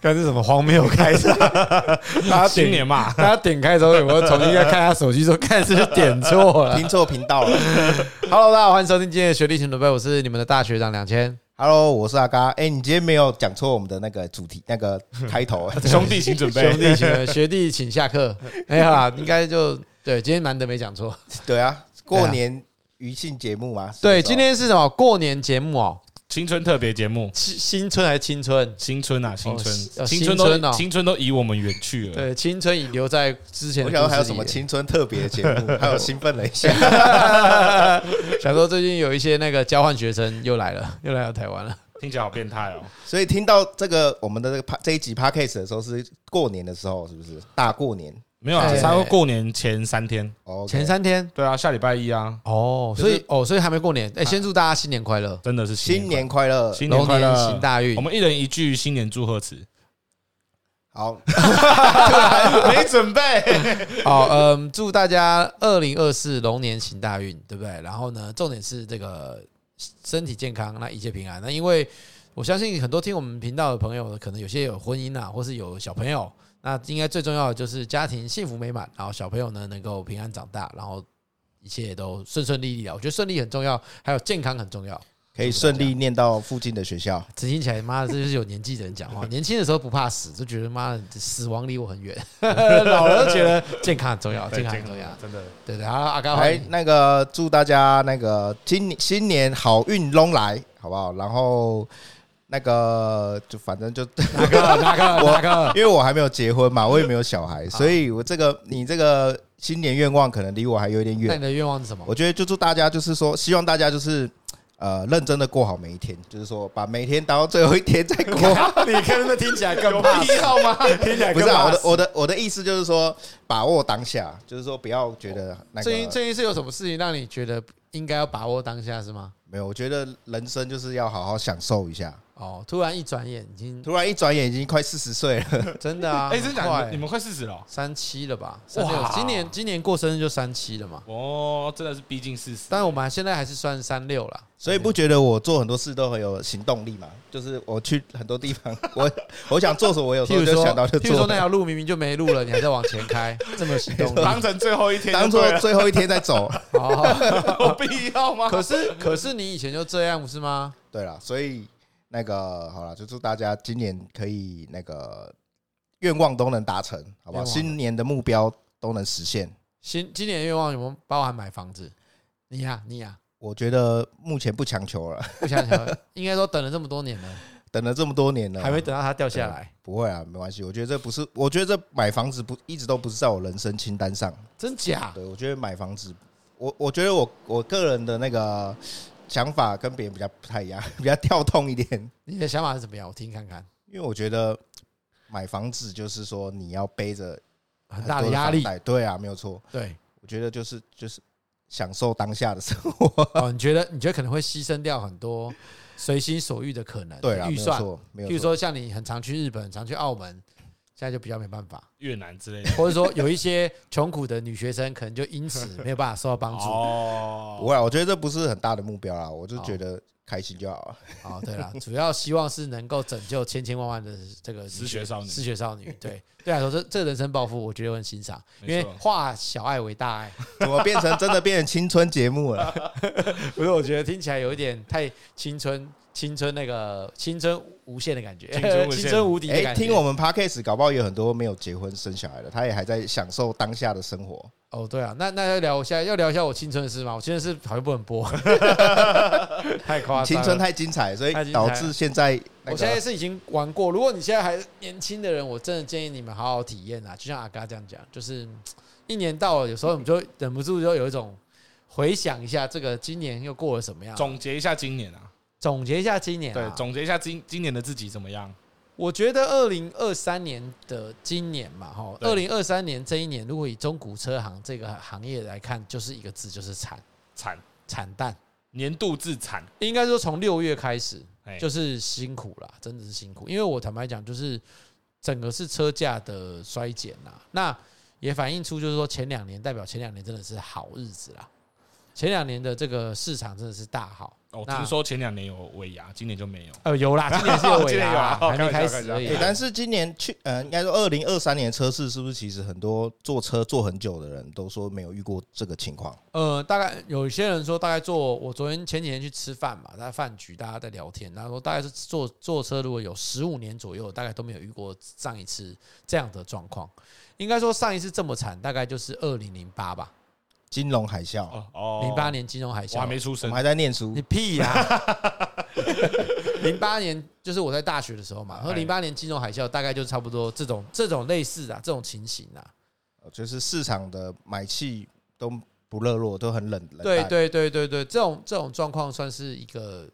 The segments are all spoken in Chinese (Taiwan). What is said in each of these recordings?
看是 什麼黃沒有開始 他點點嘛， 他點開的時候我重新再看一下手機，說看是不是點錯了聽錯，聽錯頻道了。Hello，大家好歡迎收聽今天的學弟請準備，我是你們的大學長兩千。Hello，我是阿嘎。哎、欸，你今天沒有講錯我們的那個主題，那個開頭， 兄弟請準備，兄弟請學弟請下課。哎、欸、呀，應該就對，今天難得沒講錯。對啊，過年、啊。餘興節目啊、哦？對，今天是什麼過年節目哦？青春特別節目，新新春還是青春？新春啊，青春，哦、青春都青春、哦、青春都離我們遠去了。對，青春已留在之前。我想還有什麼青春特別節目？ 還有興奮了一下， 想說最近有一些那個交換學生又來了，又來到台灣了，聽起來好變態哦。所以聽到這個，我們的這個這一集 Podcast 的時候是過年的時候，是不是大過年？沒有啊，稍微過年前三天，欸欸欸啊啊、前三天，對啊，下禮拜一啊，哦，所以，就是，哦，所以還沒過年，哎，欸，先祝大家新年快樂，啊，真的是新年快樂，新年快樂，新年快樂，龍年行大運，我們一人一句新年祝賀詞。好， 對啊， 沒準備。好嗯，呃，祝大家二零二四龍年行大運，對不對？然後呢，重點是這個身體健康，那一切平安，那因為。我相信很多聽我們頻道的朋友呢，可能有些有婚姻啊，或是有小朋友，那應該最重要的就是家庭幸福美滿，然後小朋友呢能夠平安長大，然後一切也都順順利利啊。我覺得順利很重要，還有健康很重要，可以順利念到附近的學校。執行起來，媽的，這就是有年紀的人講話， 年輕的時候不怕死，就覺得媽的死亡離我很遠。 老人覺得健康很重要健，健康很重要，真的。對對，對啊，阿嘎好。哎，那個祝大家那個新新年好運隆來，好不好？然後。那個就反正就那個那個 我，因為我還沒有結婚嘛，我也沒有小孩，所以我這個你這個新年願望可能離我還有點遠，啊。那你的願望是什麼？我覺得就祝大家就是說，希望大家就是呃認真的過好每一天，就是說把每天當最後一天再過。 你看這聽起來更有必要嗎？ 聽起來更不是，啊，我的我的我的意思就是說把握當下，就是說不要覺得那、哦、最近最近是有什麼事情讓你覺得應該要把握當下是嗎？沒有，我覺得人生就是要好好享受一下。哦，突然一轉眼已經，突然一轉眼已經快四十歲了，真的啊！哎、欸，真、欸、的假的，你們你們快四十了、哦，三七了吧？三六。今年今年過生日就三七了嘛？哦，真的是逼近四十，但是我們還現在還是算三六了，所以不覺得我做很多事都很有行動力嘛？就是我去很多地方， 我我想做什麼，我有時候就想到就做譬如。譬如說，那條路明明就沒路了，你還在往前開，這麼行動，當成最後一天，當做最後一天再走，有、哦哦 啊、必要嗎？可是可是你以前就這樣，不是嗎？對了，所以。那個好了，就祝大家今年可以那個願望都能達成，好不好？新年的目標都能實現。新今年的願望有沒有包含買房子？你呀、啊，你呀、啊，我覺得目前不強求了，不強求。 應該說等了這麼多年了，等了這麼多年了，還沒等到它掉下來，不會啊，沒關係。我覺得這不是，我覺得這買房子不一直都不是在我人生清單上，真假？對，我覺得買房子，我我覺得我我個人的那個。想法跟別人比較不太一樣，比較跳動一點。你的想法是什麼樣？我聽看看。因為我覺得買房子就是說你要背着很大的壓力。對啊，沒有錯。對，我覺得就是就是享受當下的生活。哦，你覺得你覺得可能會犧牲掉很多隨心所欲的可能的算？對啊，沒錯。比如說像你很常去日本，很常去澳門。現在就比較沒辦法，越南之類的，或者說有一些窮苦的女學生，可能就因此沒有辦法受到幫助。哦，不會，我覺得這不是很大的目標啦，我就覺得開心就好了。哦，對了，主要希望是能夠拯救千千萬萬的這個失學少女。失學少女，對，對啊，我說這人生抱負，我覺得我很欣賞，因為化小愛為大愛，怎麼變成真的變成青春節目了 不是，我覺得聽起來有一點太青春。青春那個青春無限的感覺，青春無敵。哎、欸欸，聽我們 Podcast 搞不好有很多沒有結婚生小孩的，他也還在享受當下的生活。哦，對啊，那那要聊一下，要聊一下我青春的事嗎？我現在是好像不能播， 太誇張，青春太精彩，所以導致現在，那個。我現在是已經玩過。如果你現在還年輕的人，我真的建議你們好好體驗啊！就像阿嘎這樣講，就是一年到了，有時候你們就忍不住就有一種回想一下，這個今年又過了什麼樣？總結一下今年啊。總結一下今年啊。對，總結一下今今年的自己怎麼樣？我覺得二零二三年的今年嘛，哈，二零二三年這一年，如果以中古車行這個行業來看，就是一個字，就是慘，慘慘淡，年度至慘。應該說，從六月開始，哎，就是辛苦啦，真的是辛苦。因為我坦白講，就是整個是車價的衰減吶，那也反映出就是說前兩年，代表前兩年真的是好日子啦，前兩年的這個市場真的是大好。哦，聽說前兩年有尾牙，今年就沒有。呃，有啦，今年是有尾牙， 啊、還沒開始而已、欸。但是今年去，呃，應該說二零二三年的車市是不是？其實很多坐車坐很久的人都說沒有遇過這個情況。呃，大概有些人說，大概坐，我昨天前幾天去吃飯嘛，在飯局大家在聊天，他說大概是坐坐車如果有十五年左右，大概都沒有遇過上一次這樣的狀況。應該說上一次這麼慘，大概就是二零零八吧。金融海嘯，哦，零八年金融海嘯，我還沒出生，我還在念書。你屁呀！零 八 年就是我在大學的時候嘛，然後零八年金融海嘯，大概就差不多這種這種類似啊，這種情形啊，就是市場的買氣都不熱絡，都很冷，冷。對對對對對，這種這種狀況算是一個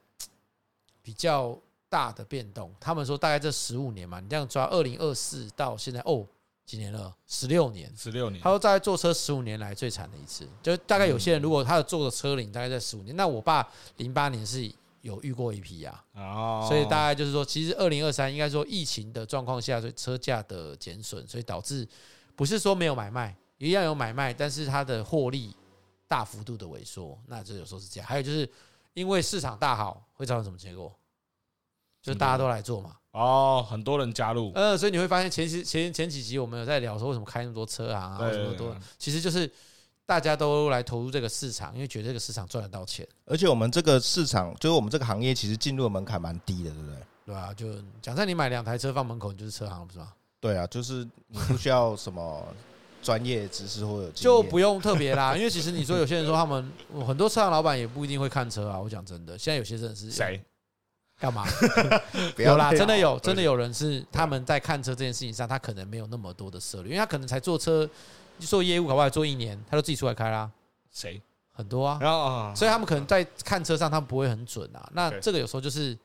比較大的變動。他們說大概這十五年嘛，你這樣抓二零二四到現在哦。幾年了？十六年。十六年。他說，大概坐車十五年來最慘的一次，就大概有些人如果他有坐的車齡大概在十五年，那我爸零八年是有遇過一批呀。哦。所以大概就是說，其實二零二三應該說疫情的狀況下，所以車價的減損，所以導致不是說沒有買賣，一樣有買賣，但是它的獲利大幅度的萎縮。那這有時候是這樣。還有就是因為市場大好，會造成什麼結果？就是大家都來做嘛。哦，很多人加入。嗯、呃，所以你會發現前幾前前幾集我們有在聊說為什麼開那麼多車行啊，對對對啊什麼多，其實就是大家都來投入這個市場，因為覺得這個市場賺得到錢。而且我們這個市場，就是我們這個行業，其實進入的門檻蠻低的，對不對？對啊，就講在你買兩台車放門口，你就是車行了，是吧？對啊，就是不需要什麼專業知識或者 就不用特別啦。因為其實你說有些人說他們 很多車行老板也不一定會看車啊。我講真的，現在有些人是誰？幹嘛？ 不要那 有啦，真的有，真的有人是他們在看車這件事情上，他可能沒有那麼多的設慮，因為他可能才做車做業務，搞不好做一年，他就自己出來開啦。誰？很多啊，oh, 所以他們可能在看車上，他們不會很準啊。那這個有時候就是，okay.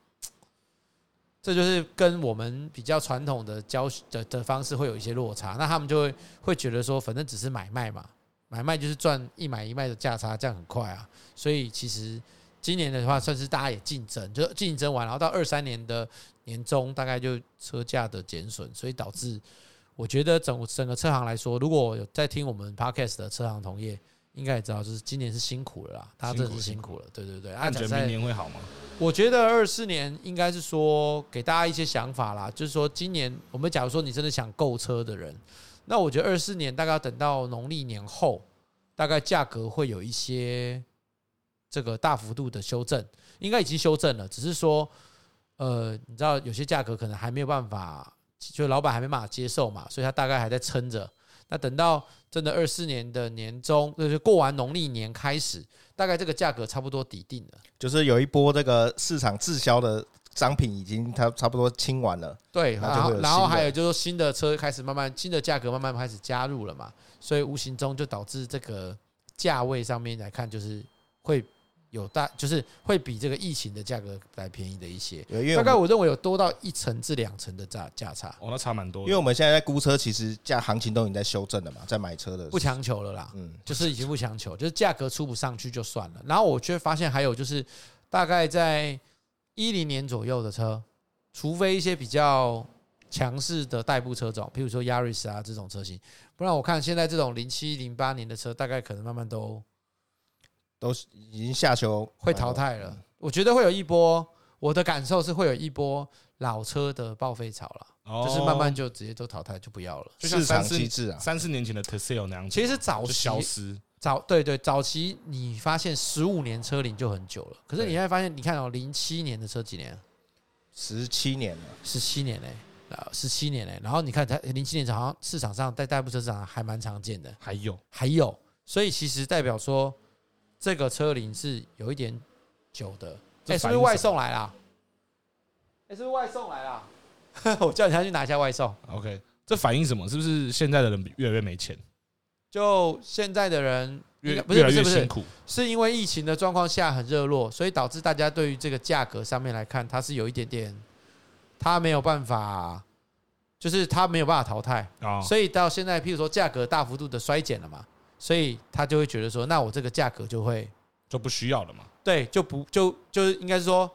這就是跟我們比較傳統的教學的的方式會有一些落差。那他們就會會覺得說，反正只是買賣嘛，買賣就是賺一買一賣的價差，這樣很快啊。所以其實。今年的話，算是大家也競爭，就競爭完，然後到二三年的年中，大概就車價的減損，所以導致我覺得整個整個車行來說，如果有在聽我們 Podcast 的車行同業，應該也知道，就是今年是辛苦了啦，大家真的是辛苦了，苦對對對。那、啊、你覺得明年會好嗎？我覺得二四年應該是說給大家一些想法啦，就是說今年我們假如說你真的想購車的人，那我覺得二四年大概要等到農曆年後，大概價格會有一些。這個大幅度的修正應該已經修正了，只是說，呃，你知道有些價格可能還沒有辦法，就老闆還沒辦法接受嘛，所以他大概還在撐着。那等到真的二四年的年中，就是過完農曆年開始，大概這個價格差不多抵定了，就是有一波這個市場滯銷的商品已經它差不多清完了，對，然後然後還有就是說新的車開始慢慢新的價格慢慢開始加入了嘛，所以無形中就導致這個價位上面來看就是會。有大就是會比這個疫情的價格來便宜的一些，大概我認為有多到一成至兩成的價價差。哦，那差蠻多。因為我們現在在估車，其實價行情都已經在修正了嘛，在買車的不強求了啦，嗯，就是已經不強求，就是價格出不上去就算了。然後我卻發現還有就是，大概在一零年左右的車，除非一些比較強勢的代步車種，譬如說亞瑞斯啊這種車型，不然我看現在這種零七零八年的車，大概可能慢慢都。都已經下球，會淘汰了，我覺得會有一波。我的感受是會有一波老車的報廢潮了，就是慢慢就直接都淘汰就不要了。就像三四年前的 Tesla 那樣子，其實早期消失早，對對，早期你發現十五年車齡就很久了，可是你現在發現，你看哦，零七年的車幾年？十七年十七年嘞，十七年嘞。然後你看它零七年好像市場上在代步車市場上還蠻常見的，還有還有，所以其實代表說。這個車齡是有一點久的。這，哎、欸，是不是外送來了？哎、欸，是不是外送來了？ 我叫人家去拿一下外送。OK，這反映什麼？是不是現在的人越來越沒錢？就現在的人越來越不是不是辛苦，是因為疫情的狀況下很熱絡，所以導致大家對於這個價格上面來看，它是有一點點，它沒有辦法，就是它沒有辦法淘汰、哦、所以到現在，譬如說價格大幅度的衰減了嘛。所以他就會覺得說，那我這個價格就會就不需要了嘛？對，就不就就應該是說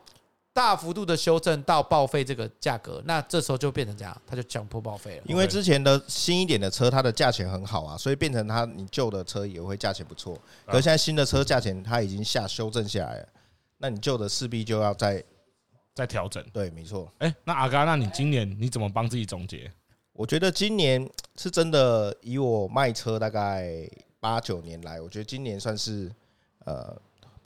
大幅度的修正到報廢這個價格，那這時候就變成這樣，他就強迫報廢了。因為之前的新一點的車，它的價錢很好啊，所以變成它你舊的車也會價錢不錯。可是現在新的車價錢它已經下修正下來了，那你舊的勢必就要再再調整。對，沒錯。誒、欸，那阿嘎，那你今年你怎麼幫自己總結？我覺得今年是真的以我賣車大概。八九年來，我覺得今年算是，呃，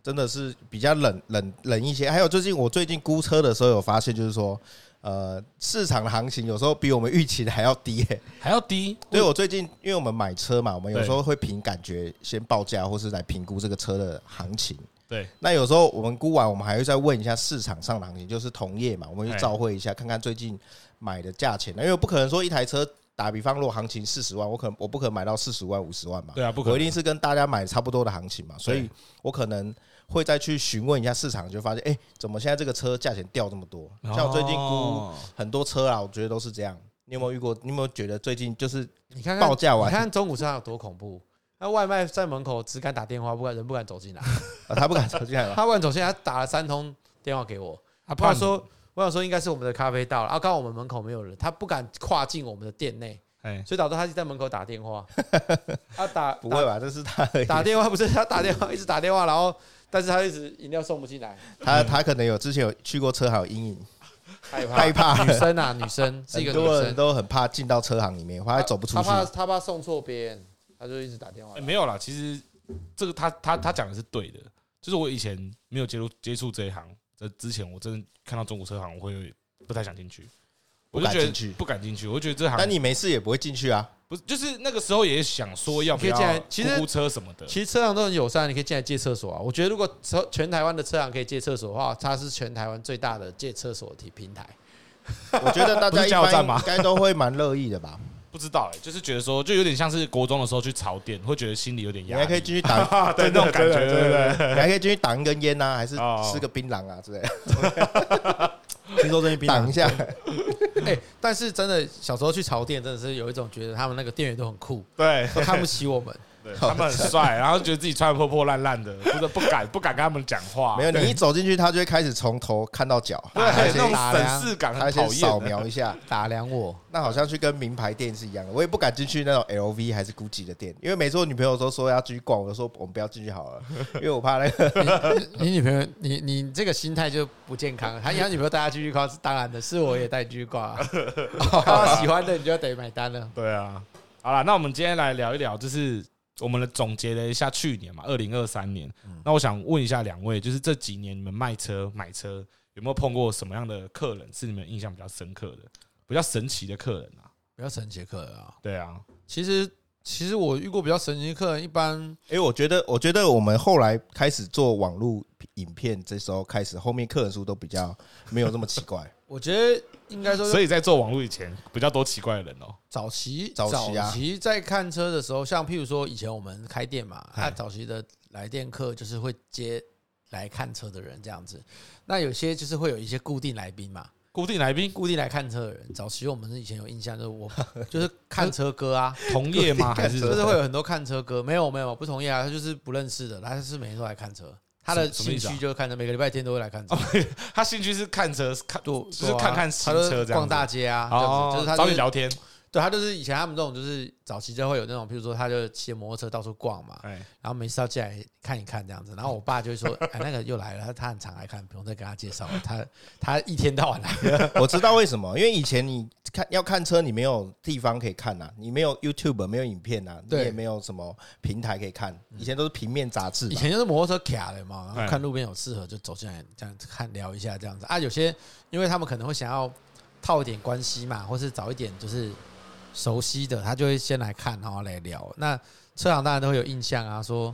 真的是比較冷冷冷一些。還有最近，我最近估車的時候有發現，就是說，呃，市場的行情有時候比我們預期的還要低，還要低。對，我最近，因為我們買車嘛，我們有時候會憑感覺先報價，或是來評估這個車的行情。對。那有時候我們估完，我們還會再問一下市場上的行情，就是同業嘛，我們去照會一下，看看最近買的價錢，因為我不可能說一台車。打比方，如果行情四十萬，我可能我不可能買到四十萬五十萬嘛，對啊，不可能，我一定是跟大家買差不多的行情嘛，所以我可能會再去詢問一下市場，就發現，哎、欸，怎麼現在這個車價錢掉這麼多？像我最近估很多車啊，我覺得都是這樣。你有沒有遇過？你有沒有覺得最近就是你看報價完，你看中古車市場有多恐怖？那外賣在門口只敢打電話，不敢人不敢走進來，他、 啊、不敢走進來，他不敢走進來，他打了三通電話給我，他怕說。我想說，應該是我們的咖啡到了啊！剛我們門口沒有人，他不敢跨進我們的店內，所以導致他在門口打電話啊。他打不會吧？這是他打電話，不是他打電話，一直打電話，然後但是他一直飲料送不進來。他他可能有之前有去過車行有陰影，害怕害怕女生啊女生，是一個女生，很多人都很怕進到車行裡面，怕走不出，他怕他怕送錯邊他就一直打電話。沒有啦，其實這個他他他講的是對的，就是我以前沒有接觸接觸這一行。呃，之前我真的看到中國車行，我會不太想進去，我就覺得不敢進去。我覺得這行，但你沒事也不會進去啊？不是，就是那個時候也想說要不要可以進來，其實呼呼車什麼的，其實車行都很友善，你可以進來借廁所啊。我覺得如果全台灣的車行可以借廁所的話，它是全台灣最大的借廁所的平台。我覺得大家應該都會蠻樂意的吧。不知道，哎、欸，就是覺得說，就有點像是國中的時候去潮店，會覺得心裡有點壓力。你還可以進去擋，對那種感覺， 對對對，對？你還可以進去擋一根煙吶，還是吃個檳榔啊之類。聽說這些檳榔、啊、是是 一下，哎，但是真的小時候去潮店，真的是有一種覺得他們那個店員都很酷 對，都看不起我們。對他們很帥，然後覺得自己穿的破破爛爛的，就是不敢不敢跟他們講話。 沒有你一走進去，他就會開始從頭看到腳，對、欸，那種審視感很討厭。掃描一下，打量我， 那好像去跟名牌店是一樣的。我也不敢進去那種 LV 還是 GUCCI 的店，因為每次我女朋友都說要進去逛，我就說我們不要進去好了， 因為我怕那個你。 你女朋友，你你這個心態就不健康。他要女朋友帶他進去逛是當然的，是我也帶進去逛， 哦、喜歡的你就得買單了。對啊，好了，那我們今天來聊一聊，就是。我們總結了一下去年嘛，二零二三年。那我想問一下兩位，就是這幾年你們賣車、買車有沒有碰過什麼樣的客人是你們印象比較深刻的、比較神奇的客人啊？比較神奇的客人啊？對啊，其實其實我遇過比較神奇的客人，一般，哎、欸，我覺得我覺得我們後來開始做網絡影片，這時候開始，後面客人數都比較沒有那麼奇怪。 我覺得應該說，所以在做網絡以前，比較多奇怪的人哦。早期，早期啊，早期在看車的時候，像譬如說，以前我們開店嘛，他早期的來店客就是會接來看車的人這樣子。那有些就是會有一些固定來賓嘛，固定來賓，固定來看車的人。早期我們是以前有印象，就是我就是看車哥啊，同業嗎？還是就是會有很多看車哥？沒有，沒有，不同業啊，他就是不認識的，他是每天都來看車。他的興趣就是看車，每個禮拜天都會來看車。啊、他興趣是看車，看就是看看新車這樣，逛大街啊，就是、哦、就是他就是找你聊天。對他就是以前他們這種就是早期就會有那種，譬如說他就騎摩托車到處逛嘛，欸、然後每次要進來看一看這樣子，然後我爸就會說：“哎、 欸，那個又來了。”他很常來看，不用再跟他介紹了，他他一天到晚來。 我知道為什麼，因為以前你看要看車，你沒有地方可以看吶、啊，你沒有 YouTube 沒有影片吶、啊，你也沒有什麼平台可以看。以前都是平面雜誌、嗯嗯，以前就是摩托車卡的嘛，然後看路邊有適合就走進來這樣看聊一下這樣子啊。有些因為他們可能會想要套一點關係嘛，或是找一點就是。熟悉的他就會先來看，然後來聊。那車行大家都會有印象啊，說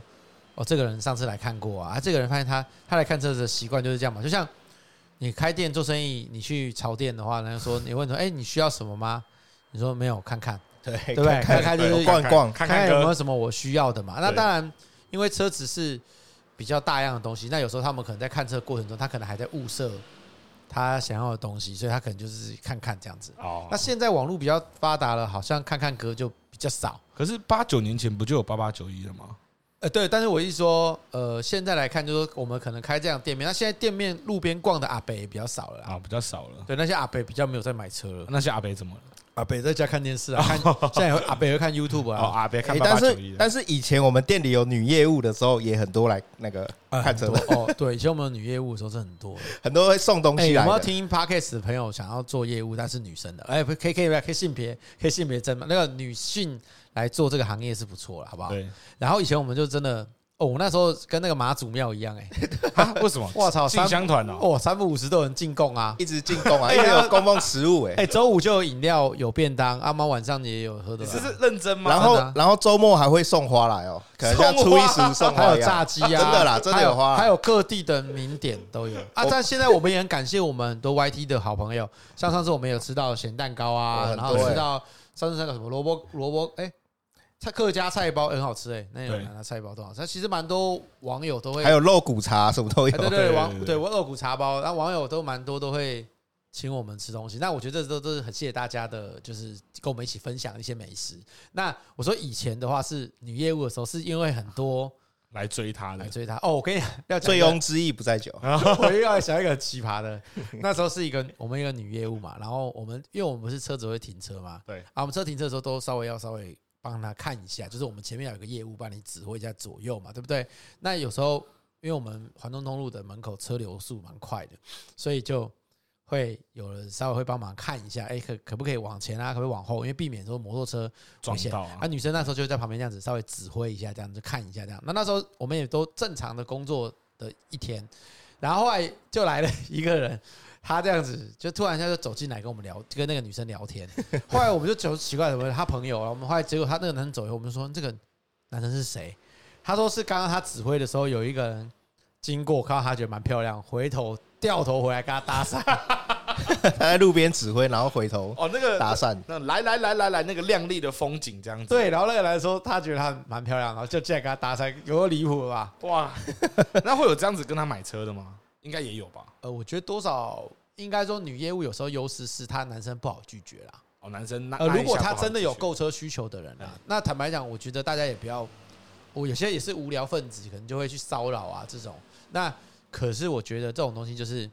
哦，這個人上次來看過啊，啊這個人發現他他來看車子的習慣就是這樣嘛。就像你開店做生意，你去潮店的話，人家說你問說，哎、欸，你需要什麼嗎？你說沒有，看看，對對不對？看看對，就是逛逛看看，看看有沒有什麼我需要的嘛。那當然，因為車子是比較大量的東西，那有時候他們可能在看車的過程中，他可能還在物色他想要的東西，所以他可能就是看看這樣子。哦、oh，那現在網絡比較發達了，好像看看歌就比較少。可是八九年前不就有八八九一了嗎？呃、欸，對，但是我意思說，呃，現在來看，就是說我們可能開這樣店面。那現在店面路邊逛的阿伯也比較少了啊，oh, 比較少了。對，那些阿伯比較沒有在買車了。那些阿伯怎麼了？阿北在家看電視啊，現在有阿北會看 YouTube 啊，阿北看。但是但是以前我們店裡有女業務的時候也很多來那個看車哦，對，以前我們有女業務的時候是很多很多會送東西來。欸，我們要聽 Podcast 的朋友想要做業務，但是女生的，哎，可以可以，可以性別，可以性別證那個女性來做這個行業是不錯的，好不好？對。然後以前我們就真的。哦、oh，那時候跟那個媽祖廟一樣誒、欸、 為什麼？我操，進香團哦，哦、喔，三不五時有人進貢啊，一直進貢啊，直 有供奉食物誒、欸、週、欸、五就有飲料有便當，阿、啊、媽晚上也有喝的，這是認真嗎？然後，啊、然後週末還會送花來哦、喔，可能像初一十五、啊、還有炸雞啊， 真的啦，真的有花還有，還有各地的名點都有 啊。但現在我們也很感謝我們很多 YT 的好朋友，像上次我們有吃到鹹蛋糕啊，有然後有吃到三十三個什麼蘿蔔蘿蔔菜客家菜包，欸欸、菜包很好吃誒，那有哪的菜包都好吃。其實蠻多網友都會，還有肉骨茶什麼都有。欸、對對，對，我肉骨茶包，那網友都蠻多都會請我們吃東西。那我覺得這都都是很謝謝大家的，就是跟我們一起分享一些美食。那我說以前的話是女業務的時候，是因為很多來追他的來追他。哦、喔，我跟你講，要醉翁之意不在酒。我又要想一個很奇葩的， 那時候是一個我們一個女業務嘛，然後我們因為我們不是車子會停車嘛，對啊，我們車停車的時候都稍微要稍微。幫他看一下，就是我們前面有個業務幫你指揮一下左右嘛，對不對？那有時候，因為我們環中東路的門口車流速蠻快的，所以就會有人稍微會幫忙看一下，誒、欸，可可不可以往前啊？可不可以往後？因為避免說摩托車撞到。啊，啊。那女生那時候就在旁邊這樣子稍微指揮一下，這樣子看一下這樣。那那時候我們也都正常的工作的一天，然後後來就來了一個人。他這樣子，就突然一下就走進來跟我們聊，跟那個女生聊天。後來我們就覺得奇怪，什麼他朋友了。我們後來結果他那個男生走以後，我們就說這個男生是誰？他說是剛剛他指揮的時候有一個人經過，看到他覺得蠻漂亮，回頭掉頭回來跟他搭訕 他在路邊指揮，然後回頭哦，那個搭訕，那來來來來來，那個亮麗的風景這樣子。對，然後那個男生說他覺得他蠻漂亮，然後就進來跟他搭訕，有多離譜了吧？哇，那會有這樣子跟他買車的嗎？應該也有吧。呃，我覺得多少。應該說，女業務有時候優勢是她，男生不好拒絕啦。哦，男生那如果他真的有購車需求的人啦，啊，那坦白講，我覺得大家也不要，我有些也是無聊分子，可能就會去騷擾啊這種。那可是我覺得這種東西就是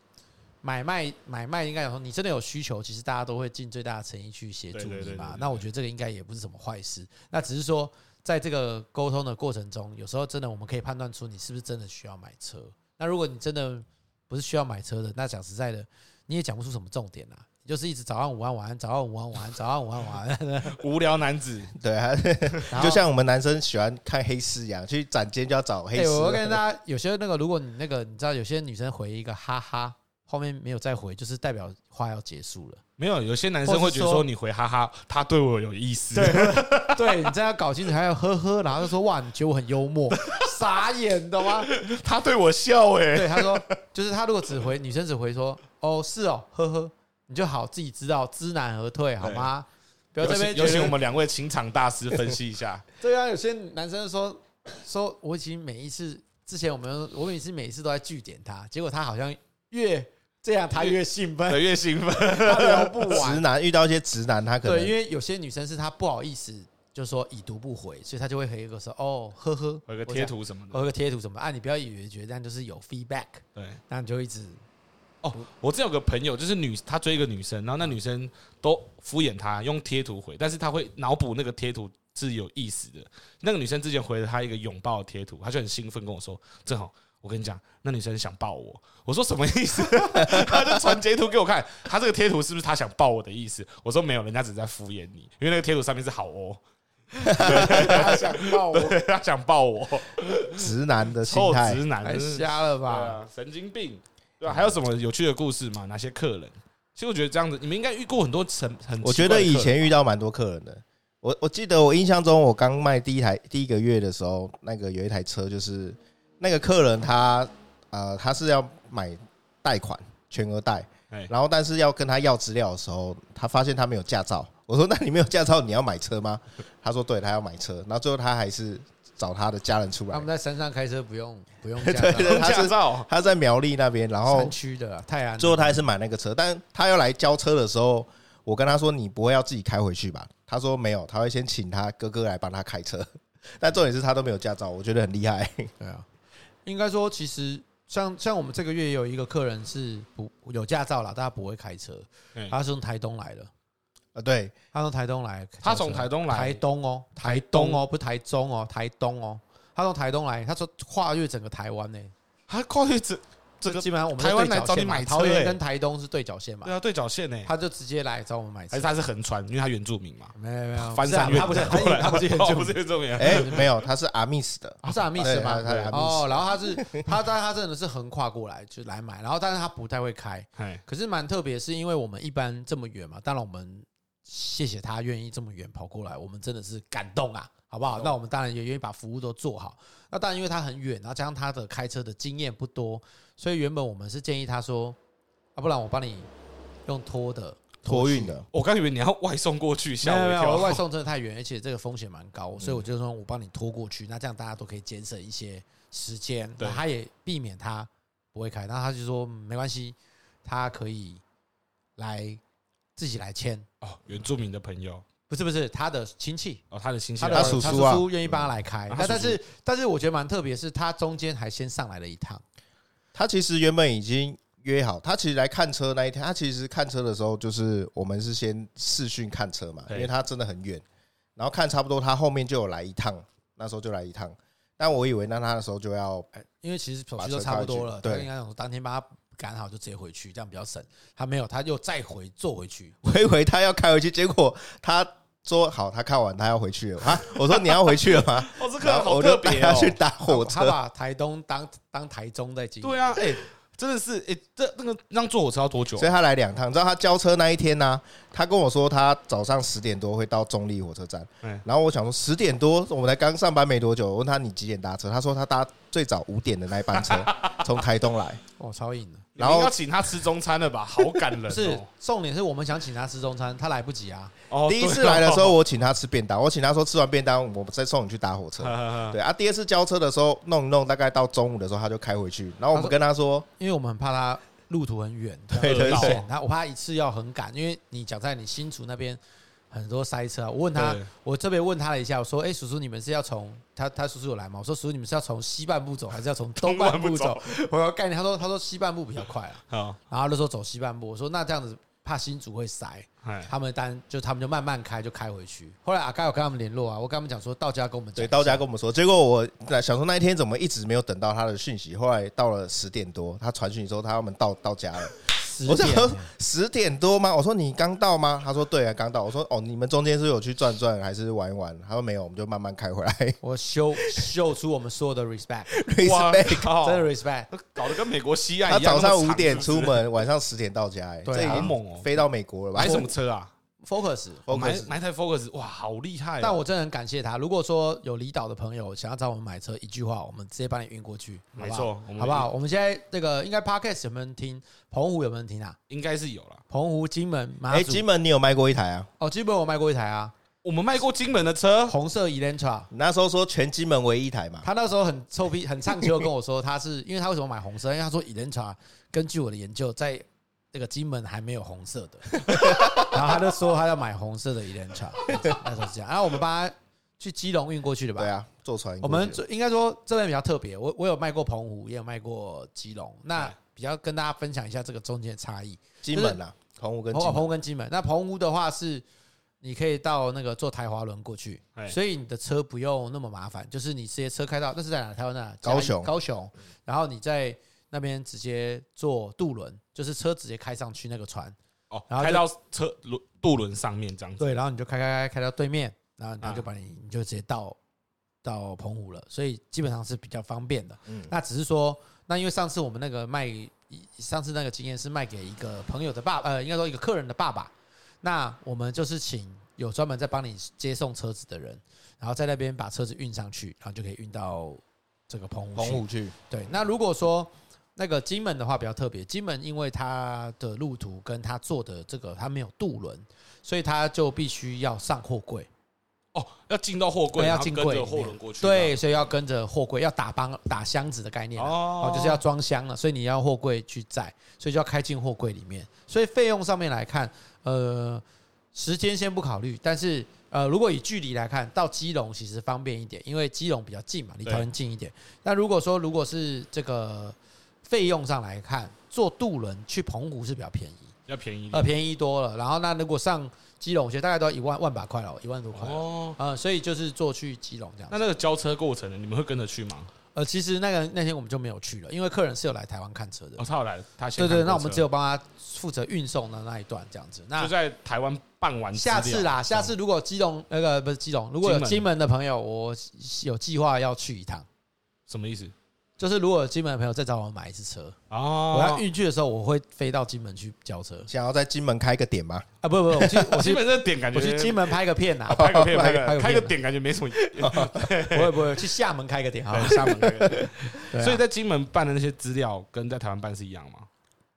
買賣買賣，應該講，你真的有需求，其實大家都會盡最大的誠意去協助你嘛。那我覺得這個應該也不是什麼壞事。那只是說，在這個溝通的過程中，有時候真的我們可以判斷出你是不是真的需要買車。那如果你真的不是需要買車的，那講實在的。你也講不出什麼重點啊，就是一直早安、午安、晚安，早安、午安、晚安，早安、午安、晚安。 無聊男子對啊， 然後笑就像我們男生喜歡看黑絲一樣，去展間就要找黑絲。我跟大家，有些那個，如果你那個，你知道有些女生回一個哈哈。後面沒有再回，就是代表話要結束了。沒有，有些男生會覺得說，說你回哈哈，他對我有意思。對， 對你這樣搞清楚，還要呵呵，然後就說，哇，你覺得我很幽默？ 傻眼的嗎？他對我笑哎、欸，對，他說，就是他如果只回 女生只回說，哦是哦呵呵，你就好自己知道知難而退好嗎？有請有請我們兩位情場大師分析一下。對啊，有些男生說說我已經每一次之前我們我每次每一次都在句點他，結果他好像越。這樣他越興奮，越興奮。他然後不直男，遇到一些直男，他可能對，因為有些女生是她不好意思，就是說已讀不回，所以她就會回一個說哦呵呵，回個貼圖什麼的樣，回個貼圖什麼啊？你不要以為覺得這樣就是有 feedback，對，那你就一直哦。我這有個朋友，就是女，她追一個女生，然後那女生都敷衍她，用貼圖回，但是他會腦補那個貼圖是有意思的。那個女生之前回了他一個擁抱的貼圖，她就很興奮跟我說，正好。我跟你講，那女生想抱我，我說什麼意思？ 她就傳截圖給我看，她這個貼圖是不是她想抱我的意思？我說沒有，人家只是在敷衍你，因為那個貼圖上面是好哦。她 對 想抱我，她想抱我，直男的心態，直男的，瞎了吧，啊？神經病，對，啊、還有什麼有趣的故事嗎？哪些客人？其實我覺得這樣子，你們應該遇過很多層，很我覺得以前遇到蠻多客人的。我我記得我印象中，我剛賣第一台第一個月的時候，那個有一台車就是。那個客人他呃他是要買貸款全額貸，然後但是要跟他要資料的時候，他發現他沒有駕照。我說：“那你沒有駕照，你要買車嗎？”他說：“對，他要買車。”然後最後他還是找他的家人出來。他們在山上開車不用不用對駕照 ，他，他在苗栗那邊，然後山區的泰安。最後他還是買那個車，但他要來交車的時候，我跟他說：“你不會要自己開回去吧？”他說：“沒有，他會先請他哥哥來幫他開車。”但重點是他都沒有駕照，我覺得很厲害。 應該說，其實像像我們這個月有一個客人是不有駕照了，但他不會開車，嗯、他是從台東來的，呃、啊，對，他從台東來，他從台東來，台東哦、喔，台東哦、喔，不是台中哦、喔，台東哦、喔，他從台東來，他說跨越整個台灣呢、欸，他跨越整。基本上我們台灣來找你買車，桃園，跟台東是對角線嘛。對啊，對角線呢、欸，他就直接來找我們買車。還是他是橫穿，因為他原住民嘛。沒有沒有，翻山越嶺他不是他不是原住民，原住民，原住民，哎，欸欸、沒有，他是阿密斯的，啊，是阿密斯吧？他對對對哦，哦，然後他是 他，但他真的是橫跨過來就來買，然後但是他不太會開，可是蠻特別是因為我們一般這麼遠嘛。當然我們謝謝他願意這麼遠跑過來，我們真的是感動啊，好不好？哦、那我們當然也願意把服務都做好。那當然因為他很遠，然後加上他的開車的經驗不多。所以原本我們是建議他說，啊，不然我幫你用拖的、托運的。我剛以為你要外送過去，小沒有沒有，外送真的太遠，而且這個風險蠻高、嗯，所以我就說我幫你拖過去。那這樣大家都可以節省一些時間，對、嗯，他也避免他不會開。然後他就說、嗯、沒關係，他可以來自己來簽。哦，原住民的朋友、嗯、不是不是他的親戚哦，他的親戚、啊，他的、啊、他叔叔啊，願意幫他來開。那、啊、但，但是但是我覺得蠻特別，是他中間還先上來了一趟。他其實原本已經約好，他其實來看車那一天，他其實看車的時候就是我們是先視訊看車嘛，因為他真的很遠，然後看差不多，他後面就有來一趟，那時候就來一趟。但我以為那他的時候就要，因為其實手續都差不多了，對，應該我當天把它趕好就直接回去，這樣比較省。他沒有，他又再回坐回去，我以為他要開回去，結果他。說好，他看完他要回去了。我說，你要回去了嗎？我這客人好特別，我帶他去搭火車，他把台東當當台中在經營。對啊，哎，真的是哎，這那個讓坐火車要多久？所以他來兩趟。你知道他交車那一天呢、啊？他跟我說他早上十點多會到中壢火車站。嗯，然後我想說十點多我們才剛上班沒多久，我問他你幾點搭車？他說他搭最早五點的那一班車從台東來。哦，超硬的。然後要請他吃中餐了吧？好感人、哦 是。是重點，是我們想請他吃中餐，他來不及啊。第一次來的時候，我請他吃便當。我請他說吃完便當，我們再送你去搭火車。呵呵呵對啊，第二次交車的時候弄一弄，大概到中午的時候他就開回去。然後我們跟他說，他說因為我們很怕他路途很遠、啊，對對他我怕他一次要很趕，因為你講在你新竹那邊。很多塞車，我問他，我這邊問他了一下，我說：“哎、欸，叔叔，你們是要從他他叔叔有來嗎？”我說：“叔叔，你們是要從西半部走，還是要從東半部走？”走我要概念。”他說：“他說西半部比較快啊。”好，然後他就說走西半部。我說：“那這樣子怕新竹會塞。”他們單就他們就慢慢開就開回去。後來阿嘎有跟他們聯絡啊，我跟他們講說，到家跟我們對，到家跟我們說。結果我來想說那一天怎麼一直沒有等到他的訊息？後來到了十點多，他傳訊息說他，他們到到家了。 十點十點多嗎？我說你剛到嗎？他說對啊，剛到。我說哦，你們中間是，是有去轉轉還是玩一玩？他說沒有，我們就慢慢開回來。我秀秀出我們所有的 respect，respect， 真的 respect，搞得，跟美國西岸一樣。他早上五點出門， 嗯、晚上十點到家，欸啊，這也猛哦，飛到美國了吧？買、啊、什麼車啊？Focus，, focus 我買買台 Focus，哇，好厲害、啊！但我真的很感謝他。如果說有離島的朋友想要找我們買車，一句話，我們直接幫你運過去，沒錯，好不好？嗯好不好嗯、我們現在這個應該 Podcast 有沒有人聽？澎湖有沒有人聽啊？應該是有了。澎湖、金門、馬祖、哎，金門你有賣過一台啊？哦，金門我賣過一台啊。我們賣過金門的車，紅色 Elantra 你那時候說全金門唯一一台嘛。他那時候很臭屁，很暢秋跟我說，他是 因為他為什麼買紅色？因為他說 Elantra 根據我的研究，在那、這個金門還沒有紅色的， 然後他就說他要買紅色的漁聯廠，那時候是這樣。然、啊、後我們幫他去基隆運過去的吧。對啊，坐船。我們應該說這邊比較特別，我我有賣過澎湖，也有賣過基隆，那比較跟大家分享一下這個中間的差異。金門啊、就是，澎湖跟金門澎湖跟金門。那澎湖的話是你可以到那個坐台華輪過去，所以你的車不用那麼麻煩，就是你直接車開到那是在哪？台灣在哪？高雄。高雄。然後你在那邊直接坐渡輪。就是車直接開上去那個船哦，然後開到車輪渡輪上面這樣子。對，然後你就開開開開到對面，然後他就把你、啊、你就直接到到澎湖了。所以基本上是比較方便的。嗯，那只是說，那因為上次我們那個賣上次那個經驗是賣給一個朋友的爸，呃，應該說一個客人的爸爸。那我們就是請有專門在幫你接送車子的人，然後在那邊把車子運上去，然後就可以運到這個澎湖，澎湖去。對，那如果說。那個金門的話比較特別，金門因為它的路途跟它坐的這個，它沒有渡輪，所以它就必須要上貨櫃。哦，要進到貨櫃，要進櫃，跟着貨輪過去對。對，所以要跟着貨櫃，要打幫打箱子的概念哦，哦，就是要裝箱了，所以你要貨櫃去載，所以就要開進貨櫃裡面。所以費用上面來看，呃，時間先不考慮，但是呃，如果以距離來看，到基隆其實方便一點，因為基隆比較近嘛，離台灣近一點。那如果說如果是這個。費用上來看，坐渡輪去澎湖是比較便宜，要便宜呃便宜多了。然後那如果上基隆，我覺得大概都要一萬萬把塊了，一萬多塊哦。呃，所以就是坐去基隆這樣。那那個交車過程呢，你們會跟着去嗎？呃，其實那個那天我們就沒有去了，因為客人是有來台灣看車的。我、哦、他有來，他先對，對對，那我們只有幫他負責運送的那一段這樣子。那就在台灣辦完。下次啦，下次如果基隆那個、嗯呃、不是基隆，如果有金門，金門的朋友，我有計劃要去一趟。什麼意思？就是如果金門的朋友再找我買一次車、哦、我要運去的時候，我會飛到金門去交車。想要在金門開個點嗎？啊，不不，不，我去我基本上點感覺，我去金門拍個片吶、啊哦，拍個片，拍個拍個，個，片個點，感覺沒什麼、哦 不。不會不會，去廈門開個點， 開個點啊，廈門。所以在金門辦的那些資料，跟在台灣辦是一樣嗎？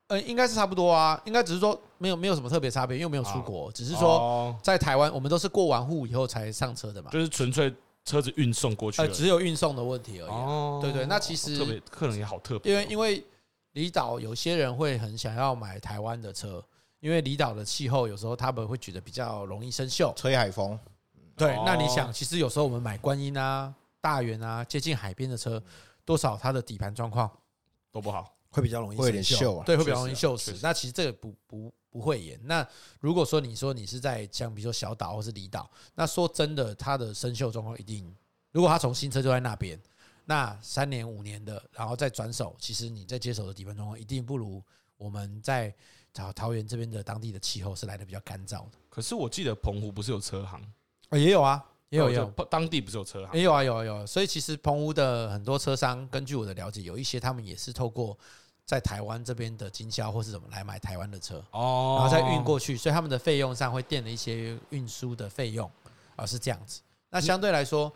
呃、嗯，應該是差不多啊，應該只是說沒有沒有什麼特別差別，因為沒有出國、哦，只是說在台灣我們都是過完戶以後才上車的嘛，就是純粹。車子運送過去，呃，只有運送的問題而已。哦，對，對對，那其實特別客人也好特別，因為因為離島有些人會很想要買台灣的車，因為離島的氣候有時候他們會覺得比較容易生鏽，吹海風。對，那你想，其實有時候我們買觀音啊、大園啊，接近海邊的車，多少它的底盤狀況都不好，會比較容易會有點鏽啊。對、啊，會比較容易鏽蝕。那其實這個不不。不會演。那如果說你說你是在像比如說小島或是離島，那說真的，它的生鏽狀況一定。如果它從新車就在那邊，那三年五年的，然後再轉手，其實你在接手的底盤狀況，一定不如我們在找桃園這邊的當地的氣候是來的比較乾燥的。可是我記得澎湖不是有車行？也有啊，也有，有當地不是有車行？也有啊，有啊，有啊，有啊，有啊。所以其實澎湖的很多車商，根據我的了解，有一些他們也是透過。在台灣這邊的經銷或是怎麼來買台灣的車，哦，然後再運過去，所以他們的費用上會墊了一些運輸的費用、呃，而是這樣子。那相對來說，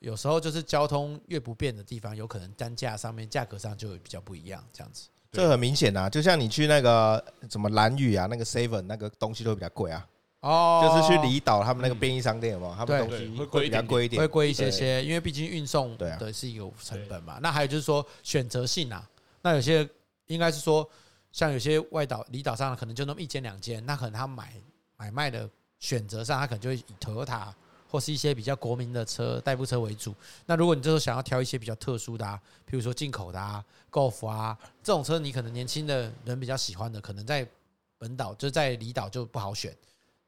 有時候就是交通越不便的地方，有可能單價上面價格上就會比較不一樣，這樣子，oh。這很明顯啊，就像你去那個什麼蘭嶼啊，那個 Seven 那個東西都比較貴啊，哦，就是去離島他們那個便利商店有，沒有他們東西會貴一點，點，會貴一些些，因為畢竟運送對是一個成本嘛。那還有就是說選擇性啊，那有些。應該是說，像有些外島、離島上可能就那麼一間兩間，那可能他買買賣的選擇上，他可能就會以 Toyota 或是一些比較國民的車、代步車為主。那如果你這時候想要挑一些比較特殊的、啊，譬如說進口的、啊、Golf 啊這種車，你可能年輕的人比較喜歡的，可能在本島就在離島就不好選，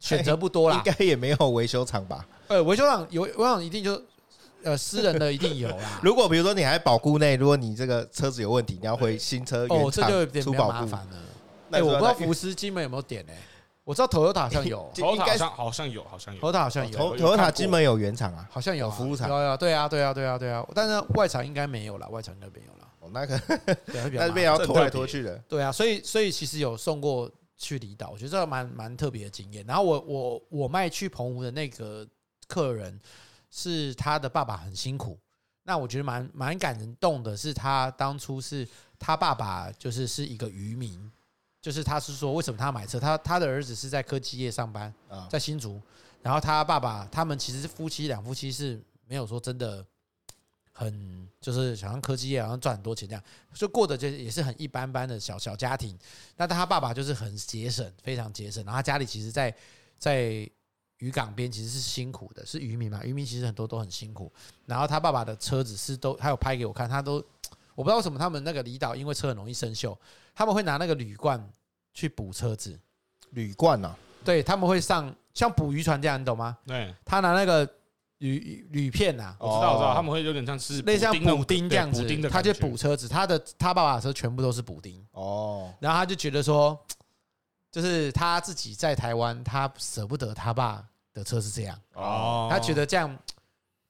選擇不多啦。應該也沒有維修廠吧、欸？呃，維修廠有，維修廠一定就。呃，私人的一定有啦。 如果比如說你還保固內，如果你這個車子有問題，你要回新車原廠出保固，哦、麻煩了。哎、欸，我不知道福斯金門有沒有點、欸？哎，我知道 Toyota 好像有，Toyota 好像有，Toyota 好像有 Toyota 金門有原廠啊，好像有服務廠、啊啊。對啊，對啊，對啊，對啊。但是外廠應該沒有了，外廠那沒有了。哦，那個那、啊、邊要拖來拖去的。對啊，所以所以其實有送過去離島，我覺得這蠻蠻,蠻特別的經驗。然後我我我賣去澎湖的那個客人。是他的爸爸很辛苦，那我覺得蠻蠻感人動的。是他當初是他爸爸，就是是一個漁民，就是他是說為什麼他買車？他他的兒子是在科技業上班，在新竹，然後他爸爸他們其實夫妻兩夫妻是沒有說真的很就是想讓科技業好像賺很多錢這樣，就過得就也是很一般般的小小家庭。那他爸爸就是很節省，非常節省，然後他家裡其實在，在在。漁港邊其實是辛苦的，是漁民嘛？漁民其實很多都很辛苦。然後他爸爸的車子是都，他有拍給我看，他都我不知道為什麼他們那個離島，因為車很容易生銹，他們會拿那個鋁罐去補車子。鋁罐啊，對他們會上像捕魚船這樣，你懂嗎？對，他拿那個鋁鋁片吶、啊，我知道，我知道，他們會有點像是那像補丁這樣子，補，他去補車子，他的他爸爸的車全部都是補丁。哦，然後他就覺得說，就是他自己在台灣，他舍不得他爸。的車是這樣，他覺得這樣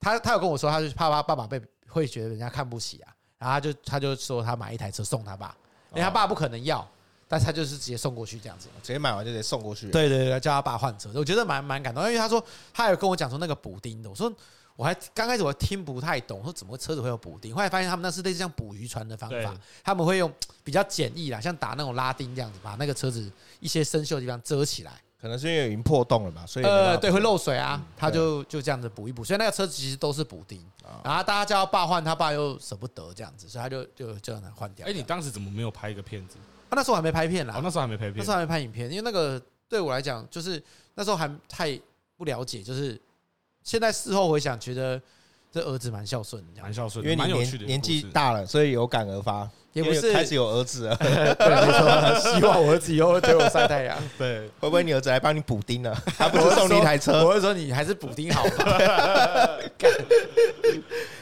他，他他有跟我說，他就怕他爸爸被會覺得人家看不起啊，然後他就他就說他買一台車送他爸，因為他爸不可能要，但是他就是直接送過去這樣子，直接買完就得送過去。對對對，叫他爸換車，我覺得蠻蠻感動，因為他說他有跟我講說那個補丁的，我說我還剛開始我還聽不太懂，說怎麼車子會有補丁，後來發現他們那是類似像捕魚船的方法，他們會用比較簡易啦，像打那種拉釘這樣子，把那個車子一些生鏽的地方遮起來。可能是因為已經破洞了嘛，所以呃對，會漏水啊、嗯，他就就這樣子補一補，所以那個車子其實都是補丁，然後大家叫他爸換，他爸又舍不得這樣子，所以他就就就讓他換掉。哎，你當時怎麼沒有拍一個片子？他、啊、那時候還沒拍片啦、哦。那時候還沒拍片。那時候還沒拍影片，因為那個對我來講，就是那時候還太不了解，就是現在事後回想，覺得這兒子蠻孝順，蠻孝順，因為你年年紀大了，所以有感而發。也不是因為開始有兒子， 對沒錯，希望我兒子以後對我曬太陽。 對，會不會你兒子來幫你補丁呢？而不是送你一台車？ 我會說你還是補丁好。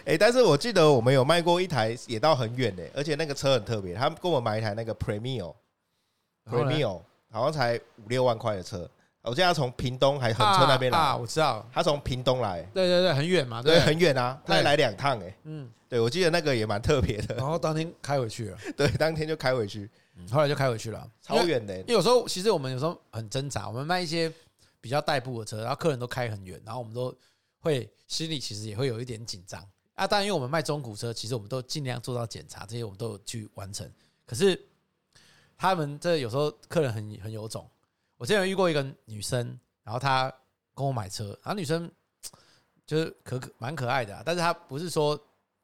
哎，但是我記得我們有賣過一台也到很遠的、欸、而且那個車很特別，他們跟我買一台那個 Premio，Premio 好像才五六萬塊的車。我記得他從屏東還恆春那邊來，我知道他從屏東來。對對對，很遠嘛，對，對，很遠啊，他來兩趟誒、欸，嗯。對，我記得那個也蠻特別的，哦。然後當天開回去了。對，當天就開回去，嗯，後來就開回去了，超遠的。因為有時候，其實我們有時候很掙扎。我們賣一些比較代步的車，然後客人都開很遠，然後我們都會心裡其實也會有一點緊張啊。當然，因為我們賣中古車，其實我們都盡量做到檢查，這些我們都有去完成。可是他們這有時候客人很很有種。我之前有遇過一個女生，然後她跟我買車，然後女生就是可可蠻可愛的，啊，但是她不是說。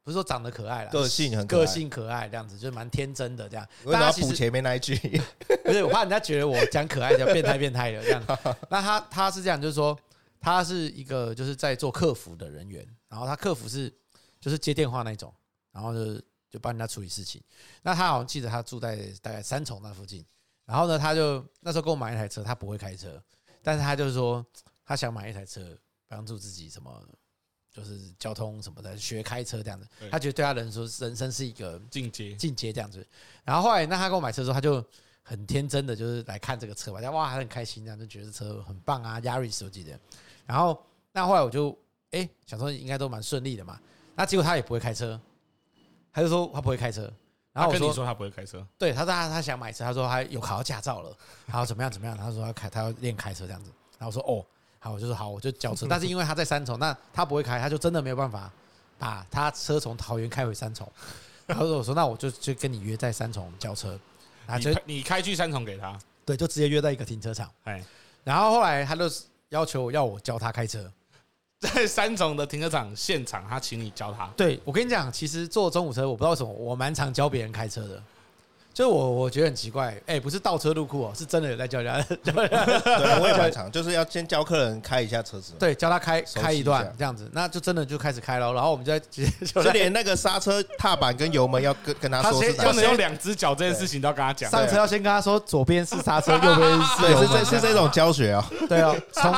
不是說長得可愛啦，個性很可愛，個性可愛這樣子，就是蠻天真的這樣。我得要補前面那一句，不是，我怕人家覺得我講可愛就變態，變態的這樣。 那他他是這樣，就是說他是一個就是在做客服的人員，然後他客服是、嗯、就是接電話那種，然後就是、就幫人家處理事情。那他好像記得他住在大概三重那附近，然後呢，他就那時候跟我買一台車，他不會開車，但是他就是說他想買一台車幫助自己什麼。就是交通什麼的，學開車這樣子，他覺得對他人說人生是一個進階，進階這樣子。然後後來，那他給我買車的時候，他就很天真的就是來看這個車吧，哇，他很開心這樣，就覺得這車很棒啊，Yaris 我記得。然後那後來我就哎、欸、想說應該都蠻順利的嘛，那結果他也不會開車，他就說他不會開車。然後我說你說他不會開車，對他他他想買車，他說他有考到駕照了，然後怎麼樣怎麼樣，他說他開他要練開車這樣子。然後我說哦。好，我就說好，我就交車。但是因為他在三重，那他不會開，他就真的沒有辦法把他車從桃園開回三重。然後我說，那我就就跟你約在三重交車。你你開去三重給他，對，就直接約在一個停車場。哎，然後後來他就要求我要我教他開車，在三重的停車場現場，他請你教他。對，我跟你講，其實做中古車，我不知道為什麼，我蠻常教別人開車的。就我我覺得很奇怪，哎、欸，不是倒車入庫哦、喔，是真的有在教人。一下一下對、啊，我也經常 就是要先教客人開一下車子，對，教他開開一段這樣子，那就真的就開始開咯。然後我們再直接就連那個剎車踏板跟油門要跟 跟他說是，不能用兩隻腳這件事情都要跟他講。上車要先跟他說左邊是剎車，對右邊是對是這是，是這種教學哦、喔。 對哦，從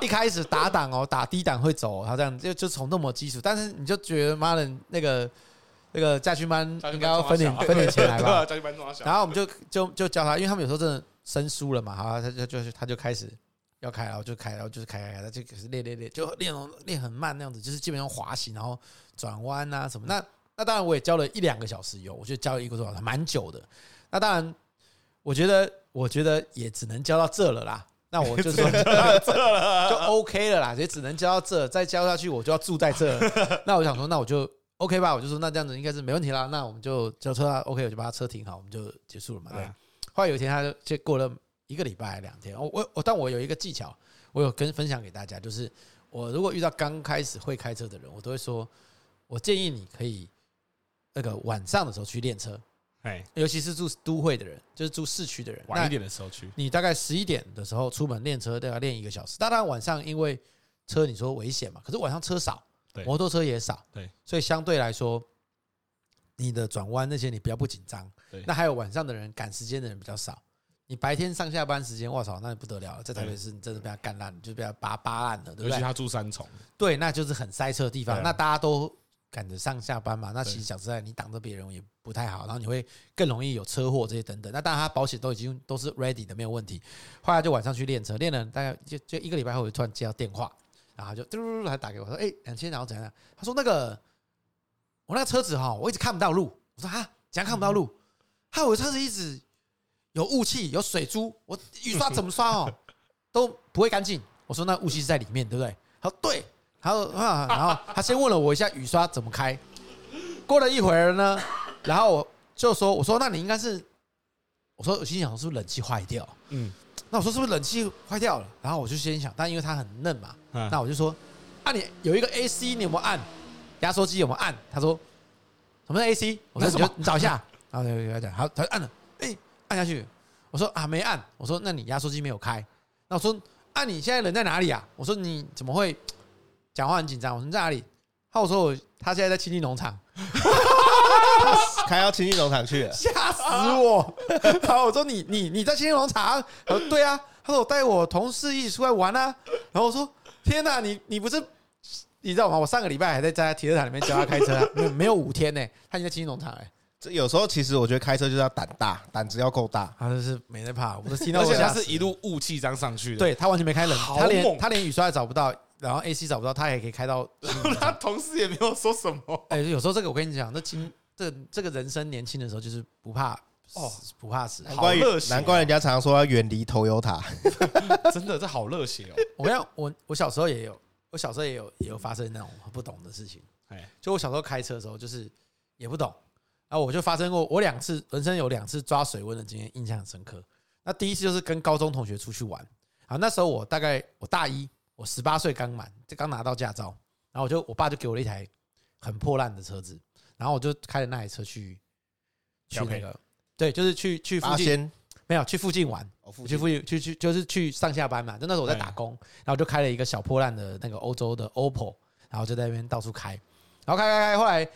一開始打檔哦、喔，打低檔會走、喔，他這樣就就從那麼基礎，但是你就覺得媽的，那個。那、這個假訓班應該要分點分點錢來吧。然後我們就就就教他，因為他們有時候真的生疏了嘛，好，他就就他就開始要開，然後就開，然後就是開開開，他就開始練練練，就練練很慢那樣子，就是基本上滑行，然後轉彎啊什麼。那那當然我也教了一兩個小時有，我就得教一個多小頭蠻久的。那當然，我覺得我覺得也只能教到這了啦。那我就說就，就，就 OK 了啦，也只能教到這，再教下去我就要住在這。那我想說，那我就。OK 吧，我就說那這樣子應該是沒問題啦。那我們就交車啊，OK，我就把他車停好，我們就結束了嘛。對，對啊、後來有一天，他就過了一個禮拜兩天。我我，我但我有一個技巧，我有跟分享給大家，就是我如果遇到剛開始會開車的人，我都會說，我建議你可以那個晚上的時候去練車嘿，尤其是住都會的人，就是住市區的人，晚一點的時候去。你大概十一點的時候出門練車，大概練一個小時。當然晚上因為車你說危險嘛、嗯，可是晚上車少。摩托車也少，所以相對來說，你的轉彎那些你比較不緊張。那還有晚上的人趕時間的人比較少，你白天上下班時間，我操，那就不得了了，這台北市，你真的被他幹爛，就被他扒扒爛了，對不對？對，尤其他住三重，對，那就是很塞車的地方。啊，那大家都趕着上下班嘛，那其實講實在，你擋着別人也不太好，然後你會更容易有車禍這些等等。那當然他保險都已經都是 ready 的，沒有問題。後來就晚上去練車，練了大概就就一個禮拜後，我就突然接到電話。然後就嘟嘟嘟來打給我，說、欸：“哎，兩千，然後怎樣？怎樣？”他說：“那個，我那個車子哈、哦，我一直看不到路。”我說：“啊，怎樣看不到路？他、嗯啊、我的車子一直有霧氣，有水珠，我雨刷怎麼刷哦， 都不會乾淨。”我說：“那霧氣是在裡面，對不對？”他說：“對。啊”然後啊。”然後他先問了我一下雨刷怎麼開。過了一會兒呢，然後我就說：“我說，那你應該是……我說，我心想是不是冷氣壞掉？嗯，那我說是不是冷氣壞掉了？然後我就先想，但因為它很嫩嘛。”嗯、那我就說，啊，你有一個 AC，你有沒有按？壓縮機有沒有按？他說什麼是 AC？我說什麼？你找一下。 然後有有講，好，他就按了。誒、欸，按下去。我說啊，沒按。我說，那你壓縮機沒有開。那我說，啊，你現在人在哪裡啊？我說你怎麼會講話很緊張？我說你在哪裡？他我說我他現在在清境農場。開到清境農場去了，嚇死我！好， 我說你你你在清境農場？他說對啊。他說：“我帶我同事一起出來玩啊。”然後我說：“天啊你，你你不是你知道嗎？我上個禮拜還在在停車場裡面教他開車，啊沒，沒沒有五天呢，欸，他已經在青青農場這。有時候其實我覺得開車就是要膽大，膽子要夠大。他就是沒在怕，我是聽到現在是一路霧氣上上去的對。對，他完全沒開冷氣，他連他連雨刷也找不到，然後 AC 找不到，他也可以開到。然後他同事也沒有說什麼。哎，有時候這個我跟你講，那青這這個人生年輕的時候就是不怕。”哦，不怕死，難怪好熱血！啊，難怪人家常說要遠離 Toyota。真的，這好熱血哦我！我像我，我小時候也有，我小時候也有，也有發生那種不懂的事情。哎，就我小時候開車的時候，就是也不懂。然後我就發生過，我兩次人生有兩次抓水溫的經驗，印象深刻。那第一次就是跟高中同學出去玩，啊，那時候我大概我大一，我十八歲剛滿，就剛拿到駕照，然後我就我爸就給我了一台很破爛的車子，然後我就開着那台車去去那個。對，就是去去附近，仙沒有去附近玩，去、哦、附近去去就是去上下班嘛。就那時候我在打工，然後就開了一個小破爛的那個歐洲的 OPPO，然後就在那邊到處開，然後開開開。後來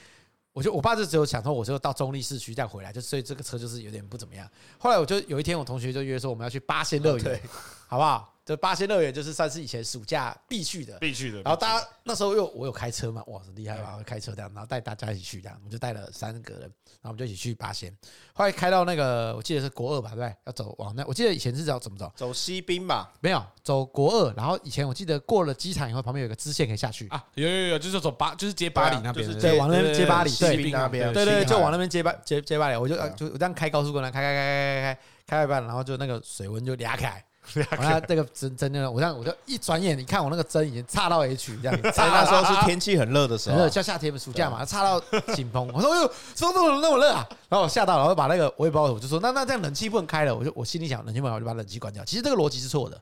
我就我爸就只有想說，我就到中壢市區再回來，就所以這個車就是有點不怎麼樣。後來我就有一天，我同學就約說，我們要去八仙樂園、okay，好不好？就八仙樂園就是算是以前暑假必去的，必去的。然後大家那時候又我，我有開車嘛，哇很厲害嘛，開車這樣，然後帶大家一起去這樣，我們就帶了三個人，然後我們就一起去八仙。後來開到那個，我記得是國二吧，對不對？要走往那，我記得以前是要怎麼走？走西濱吧？沒有，走國二。然後以前我記得過了機場以後，旁邊有一個支線可以下去啊，有有有，就是走八，就是接八里那邊，對、啊，往那邊接八里西濱那邊，對對、對，對對對對對對就往那邊接八接接八里。我就、啊、就這樣開高速公路，開開開開開開開一半，然後就那個水溫就亮起來。我那這個針真的，我這樣我就一轉眼，你看我那個針已經插到 H，這樣。那時候是天氣很熱的時候，像夏天暑假嘛，插到緊繃，我說：“喲，怎麼那麼那麼熱啊？”然後我嚇到了，我就把那個我也不知道，我就說：“那那這樣冷氣不能開了。”我就我心裡想，冷氣不能開，我就把冷氣關掉。其實這個邏輯是錯的。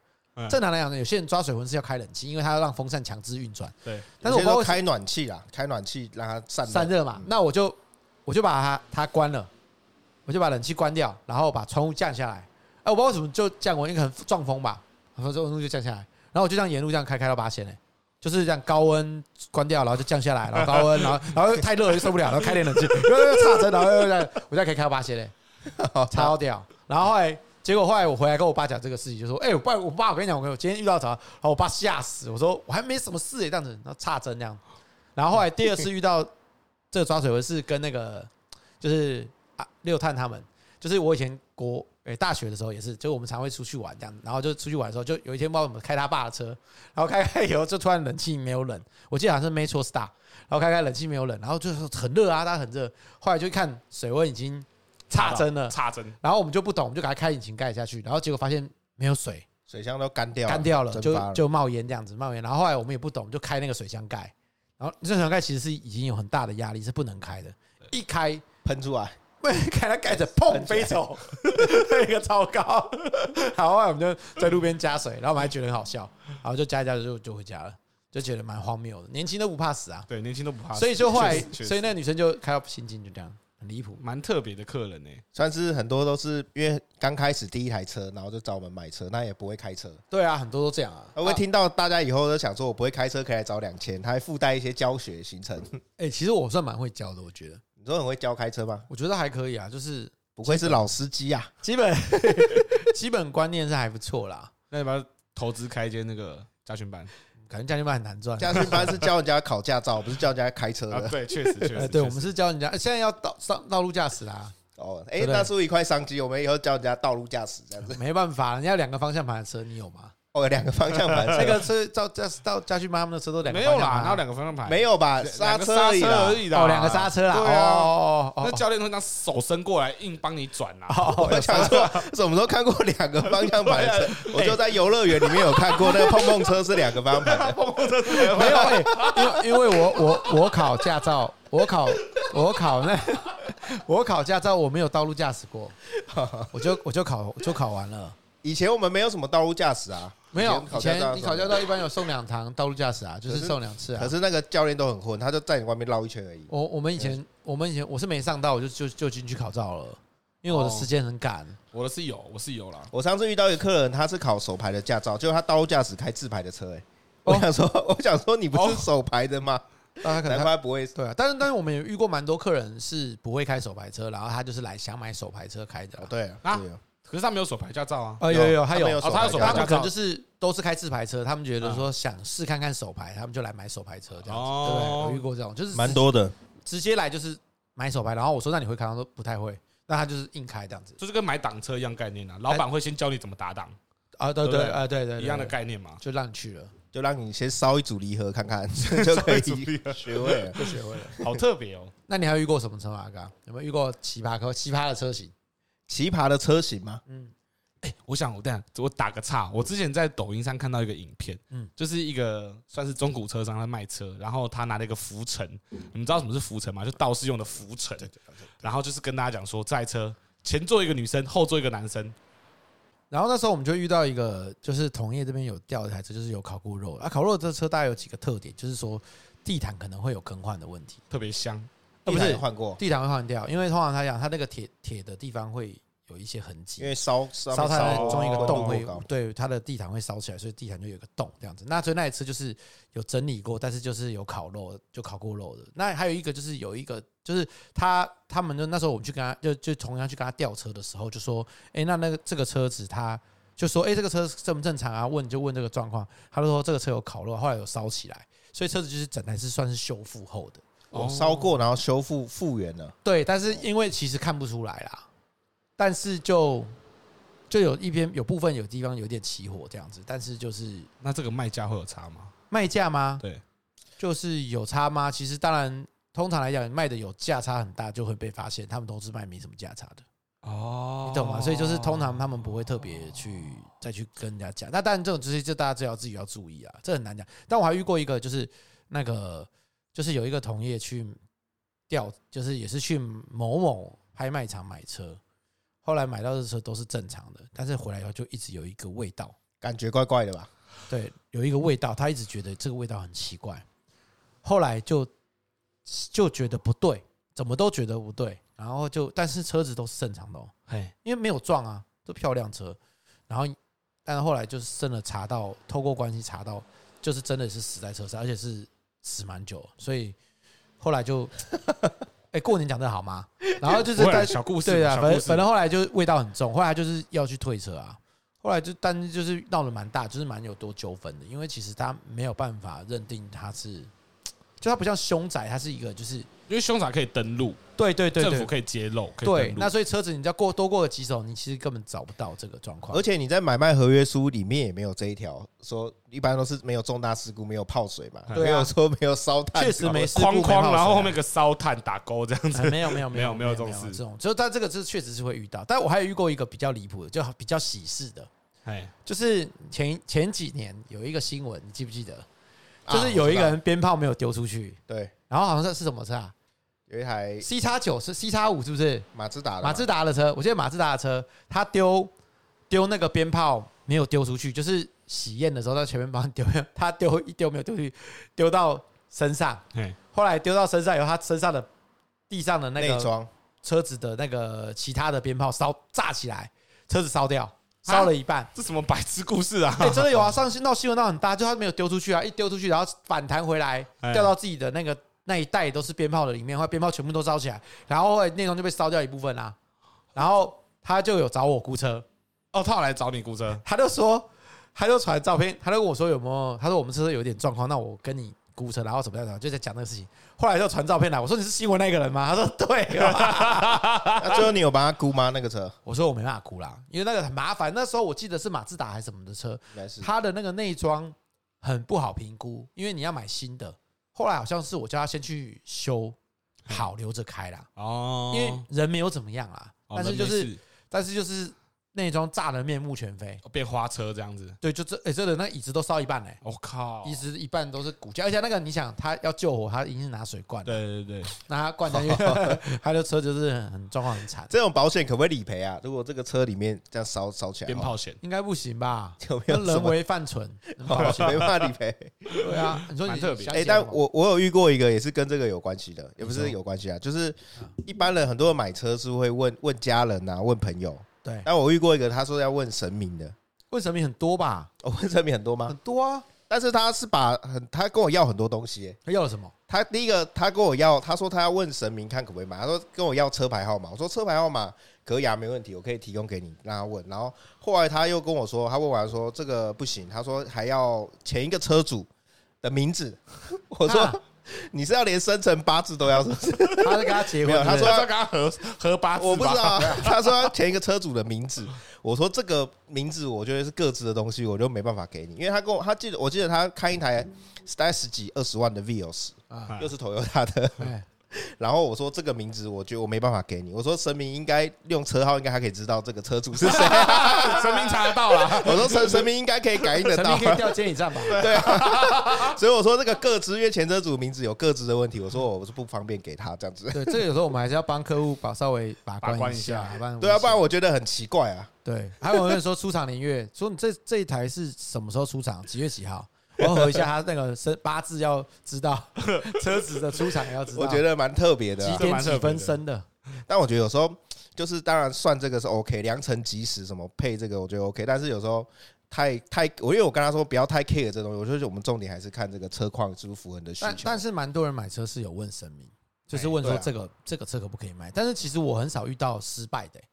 正常來講呢，有些人抓水溫是要開冷氣，因為他要讓風扇強制運轉。對，但是我包括開暖氣啦，開暖氣讓它散散熱嘛。那我就我就把它它關了，我就把冷氣關掉，然後把窗戶降下來。欸、我不知道為什麼就降溫，應該很撞風吧？然後這溫度就降下來，然後我就這樣沿路這樣開開到八千嘞，就是這樣高溫關掉，然後就降下來，然後高溫，然後然後太熱就受不了，然後開點冷氣， 又又差針，然後又這樣，我這樣可以開到八千嘞，超屌。然後後來結果後來我回來跟我爸講這個事情，就說：“哎、欸，我爸，我爸，我跟你講，我跟我今天遇到啥？把我爸嚇死！我說我還沒什麼事哎、欸，這樣子，差真這樣。然後後來第二次遇到這個抓水紋是跟那個就是啊六探他們，就是我以前。”鍋、欸、哎，大學的時候也是，就我們常會出去玩這樣子，然後就出去玩的時候，就有一天不知道怎麼開他爸的車，然後開開以後就突然冷氣沒有冷，我記得好像是 Metro Star，然後開開冷氣沒有冷，然後就是很熱啊，大家很熱，後來就一看水溫已經插針了，插針，然後我們就不懂，我們就給他開引擎蓋下去，然後結果發現沒有水，水箱都乾掉，乾掉了，掉了，了就就冒煙這樣子，冒煙，然後後來我們也不懂，就開那個水箱蓋，然後這水箱蓋其實是已經有很大的壓力，是不能開的，一開噴出來。看他蓋着砰飛走， 一個超高。 好，然後我們就在路邊加水，然後我們還覺得很好笑，然後就加一加就就回家了，就覺得蠻荒謬的。年輕都不怕死啊，對，年輕都不怕死。所以說後來，所以那個女生就開到心境就這樣，很離譜，蠻特別的客人呢、欸。算是很多都是因為剛開始第一台車，然後就找我們買車，那也不會開車。對啊，很多都這樣啊。我會聽到大家以後都想說，我不會開車可以來找兩千、啊，他還附帶一些教學行程。哎、嗯欸，其實我算蠻會教的，我覺得。你都很會教開車吧？我覺得還可以啊，就是不愧是老司機啊，基本 基本觀念是還不錯啦。 那你要不要投資開一間那個駕訓班？感覺駕訓班很難賺。駕訓班是教人家考駕照，不是教人家開車的、 啊。對，確實確實。實 對，我們是教人家現在要道上道路駕駛啦。哦，哎、欸，那是一塊商機，我們以後教人家道路駕駛這樣子。沒辦法，人家兩個方向盤的車你有嗎？哦，兩個方向盤 ，這個車到駕到駕訓班，他們的車都兩個，沒有啦，哪有兩個方向盤，沒有吧？剎車，剎車而已的，哦，兩個剎車啦，車啦喔車啦啊、對、啊喔對啊喔喔、那教練都講手伸過來，硬幫你轉啊。我想說，什麼時候看過兩個方向盤、啊？我就在遊樂園裡面有看過那個碰碰車是兩個方向盤、啊，碰 沒有，欸、因為因為我我我考駕照，我考我考，我考那我考駕照，我沒有道路駕駛過，我就我就考就考完了。以前我們沒有什麼道路駕駛啊。沒有，以前你考駕照一般有送兩堂道路駕駛啊，就是送兩次啊。可。可是那個教練都很混，他就在你外面繞一圈而已。我我們以前我們以前我是沒上到，我就就就進去考照了，因為我的時間很趕、哦。我的是有，我是有啦。我上次遇到一個客人，他是考手排的駕照，結果他道路駕駛開自排的車誒、欸，哦。我想說，我想說，你不是手排的嗎？自、哦、牌不會。對啊。但是但是我們有遇過蠻多客人是不會開手排車，然後他就是來想買手排車開的、啊，哦。對啊。啊，對啊可是他沒有手排駕照啊、哦！啊，有有他有，手排、哦、可能就是都是開自排車，他們覺得說想試看看手排，他們就來買手排車這樣子。哦、對，我遇過這種，就是蠻多的，直接來就是買手排。然後我說：“那你會開嗎？”他說：“不太會。”那他就是硬開這樣子，就是跟買檔車一樣概念啊。老闆會先教你怎麼打檔、哎、啊，對對啊，對對，對一樣的概念嘛，就讓你去了，就讓你先燒一組離合看看， 就可以學會，就學會了。 好特別哦！那你還有遇過什麼車啊？剛剛，有沒有遇過奇葩科、奇葩的車型？奇葩的車型嗎？嗯，欸、我想我這樣，我打個岔。我之前在抖音上看到一個影片，嗯，就是一個算是中古車商，他賣車，然後他拿了一個拂塵、嗯，你們知道什麼是拂塵嗎？就道士用的拂塵、嗯，然後就是跟大家講說，在車前座一個女生，後座一個男生、嗯。然後那時候我們就遇到一個，就是同業這邊有掉一台車，就是有烤過肉那、啊、烤肉這車大概有幾個特點，就是說地毯可能會有更換的問題，特別香。不是換過地毯會換掉，因為通常來講他那個鐵鐵的地方會有一些痕跡，因為燒燒它中間一個洞會、哦、對它的地毯會燒起來，所以地毯就有一個洞這樣子。那所以那一次就是有整理過，但是就是有烤肉就烤過肉的。那還有一個就是有一個就是他他們就那時候我們去跟他就就同樣去跟他吊車的時候就說，哎、欸、那那個這個車子他就說，哎、欸、這個車正不正常啊？問就問這個狀況，他就說這個車有烤肉，後來有燒起來，所以車子就是整台是算是修復後的。我、oh, 燒過，然後修復復原了。對，但是因為其實看不出來啦，但是就就有一邊有部分有地方有點起火這樣子，但是就是那這個賣價會有差嗎？賣價嗎？對，就是有差嗎？其實當然，通常來講賣的有價差很大就會被發現，他們都是賣沒什麼價差的哦、oh，你懂嗎？所以就是通常他們不會特別去再去跟人家講。那當然這種東西就大家要自己要注意啊，這很難講。但我還遇過一個，就是那個。就是有一個同業去調，就是也是去某某拍賣場買車，後來買到的車都是正常的，但是回來以後就一直有一個味道，感覺怪怪的吧？對，有一個味道，他一直覺得這個味道很奇怪，後來就就覺得不對，怎麼都覺得不對，然後就但是車子都是正常的哦，嘿，因為沒有撞啊，都漂亮車，然後但是後來就是真的查到，透過關係查到，就是真的是死在車上，而且是。死蠻久，所以後來就，哎、欸，過年講的好嗎？ 然後就是在小故事，小故事，對啊，反正反正後來就是味道很重，後來就是要去退車啊，後來就但是就是鬧得蠻大，就是蠻有多糾紛的，因為其實他沒有辦法認定他是。就它不像凶宅，它是一個，就是因為凶宅可以登錄，對對對，對，政府可以揭露以，對。那所以車子，你只要過多過個幾手，你其實根本找不到這個狀況。而且你在買賣合約書裡面也沒有這一條，說一般都是沒有重大事故，沒有泡水嘛，啊、沒有說沒有燒炭，確實沒事框，框，然後後面個燒炭打勾這樣子，哎、沒有沒有沒有沒有這種事，就但這個是確實是會遇到。但我還有遇過一個比較離譜的，就比較喜事的，就是前前幾年有一個新聞，你記不記得？啊、就是有一個人鞭炮沒有丟出去，對。然後好像是是什麼車啊？有一台 C 叉九是 C 叉五是不是？馬自達，馬自達的車。我記得馬自達的車，他丟丟那個鞭炮沒有丟出去，就是喜宴的時候在前面幫你丟掉，他丟一丟沒有丟出去，丟到身上。對。後來丟到身上，有他身上的地上的那個車子的那個其他的鞭炮燒炸起來，車子燒掉。燒了一半，啊，這什麼白痴故事啊？哎、欸，真、這、的、個、有啊，上次鬧新聞鬧很大，就他沒有丟出去啊，一丟出去然後反彈回來，掉到自己的那個那一袋都是鞭炮的裡面，後鞭炮全部都燒起來，然後後來內容就被燒掉一部分啦、啊。然後他就有找我估車。哦，他有來找你估車。他就說他就傳照片，他就跟我說有沒有，他說我們車有點狀況，那我跟你估車，然後怎麼樣怎麼樣，就在講那個事情。後來就傳照片來，我說你是新聞那個人嗎？他說對、啊。那、 啊、最後你有幫他估嗎？那個車？我說我沒辦法估啦，因為那個很麻煩。那時候我記得是馬自達還是什麼的車，他的那個內裝很不好評估，因為你要買新的。後來好像是我叫他先去修，好留着開啦。哦，因為人沒有怎麼樣啦。哦、但是就是，但是就是。那內裝炸得面目全非，變花車這樣子，對，就這，哎，真的，那椅子都燒一半嘞！我靠，椅子一半都是骨架，而且那個，你想，他要救火，他一定是拿水灌。對對對，拿他灌，因他的車就是很狀況很慘。這種保險可不可以理賠啊？如果這個車裡面這樣燒燒起來，點保錢應該不行吧？跟人為犯蠢，沒辦法理賠。對啊，你說你哎，欸、但我我有遇過一個也是跟這個有關係的，也不是有關係啊，就是一般人很多人買車是會問問家人啊，問朋友。對，但我遇過一個，他說要問神明的，問神明很多吧？我、哦、問神明很多嗎？很多啊，但是他是把很，他跟我要很多東西。欸，他要了什麼？他第一個，他跟我要，他說他要問神明看可不可以買，他說跟我要車牌號碼，我說車牌號碼隔牙沒問題，我可以提供給你讓他問，然後後來他又跟我說，他問完說這個不行，他說還要前一個車主的名字， 我說。你是要連生辰八字都要？ 他是跟他結婚？沒有，他說要跟他合 合八字。我不知道，他說要填一個車主的名字。我說這個名字，我覺得是個資的東西，我就沒辦法給你，因為他跟我，他記得，我記得他開一台十幾二十萬的 Vios，又是 Toyota 他的、啊。 然後我說這個名字，我覺得我沒辦法給你。我說神明應該用車號應該還可以知道這個車主是誰、啊， 神明查得到啦。我說神神明應該可以感應得到， 你可以調監理站嘛？ 對、啊。所以我說這個個資，因為前車主名字有個資的問題，我說我是不方便給他這樣子。 對，這個有時候我們還是要幫客戶把稍微把關一下、啊， 對啊，不然我覺得很奇怪啊。對，還有人說出廠年月，說你這這一台是什麼時候出廠？幾月幾號？我合一下，他那個生八字要知道， 車子的出廠也要知道。我覺得蠻特別的，幾點幾分生的。但我覺得有時候就是，當然算這個是 OK，良辰吉時什麼配這個，我覺得 OK。但是有時候太太，我因為我跟他說不要太 care 這東西，我覺得我們重點還是看這個車況是否符合你的需求但。但但是蠻多人買車是有問神明，就是問說這個、欸啊、這個車可、這個、不可以賣。但是其實我很少遇到失敗的、欸，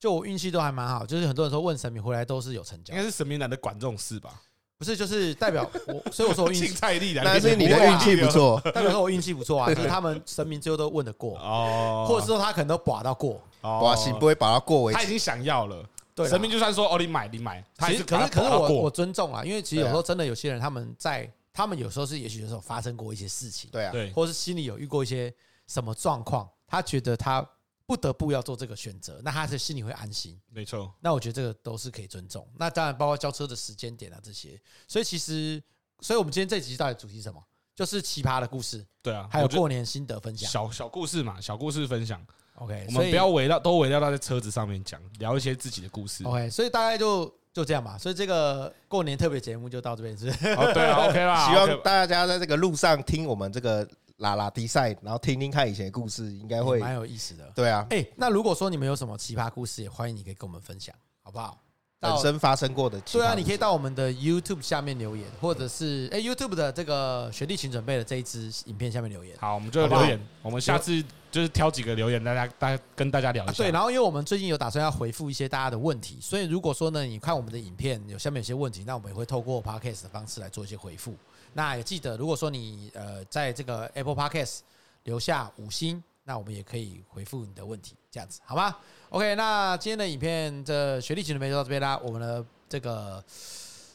就我運氣都還蠻好。就是很多人說問神明回來都是有成交，應該是神明懶得管這種事吧。不是，就是代表我，所以我說我運氣菜力的，那是你的運氣不錯啊。代表說我運氣不錯啊，就是他們神明最後都問得過哦，或者說他可能都把到過，寡不會把他過為。他已經想要了，對，神明就算說哦，你買你買，其實可是可是我我尊重啊，因為其實有時候真的有些人他們在他們有時候是也許有時候發生過一些事情，對啊，或是心裡有遇過一些什麼狀況，他覺得他。不得不要做這個選擇，那他還是心裡會安心。沒錯，那我覺得這個都是可以尊重。那當然，包括交車的時間點啊這些。所以其實，所以我們今天這集到底主題是什麼？就是奇葩的故事。對啊，還有過年心得分享。小小故事嘛，小故事分享。OK，我們不要圍繞都圍繞他在車子上面講，聊一些自己的故事。OK，所以大概就就這樣吧。所以這個過年特別節目就到這邊是，是。Oh, 對啊，OK 啦。Okay. 希望大家在這個路上聽我們這個。啦啦，比賽，然後聽聽看以前的故事，應該會蠻、欸、有意思的。對啊，誒、欸，那如果說你們有什麼奇葩故事，也歡迎你可以跟我們分享，好不好？本身發生過的，對啊，你可以到我們的 YouTube 下面留言，或者是誒、欸、YouTube 的這個學弟請準備的這一支影片下面留言。好，我們就留言好好，我們下次就是挑幾個留言，大家大家跟大家聊一下、啊。對，然後因為我們最近有打算要回復一些大家的問題，所以如果說呢，你看我們的影片有下面有些問題，那我們也會透過 Podcast 的方式來做一些回復。那也記得，如果說你呃，在這個 Apple Podcast 留下五星，那我們也可以回復你的問題，這樣子，好嗎？OK，那今天的影片的學弟請準備就到這邊啦。我們的這個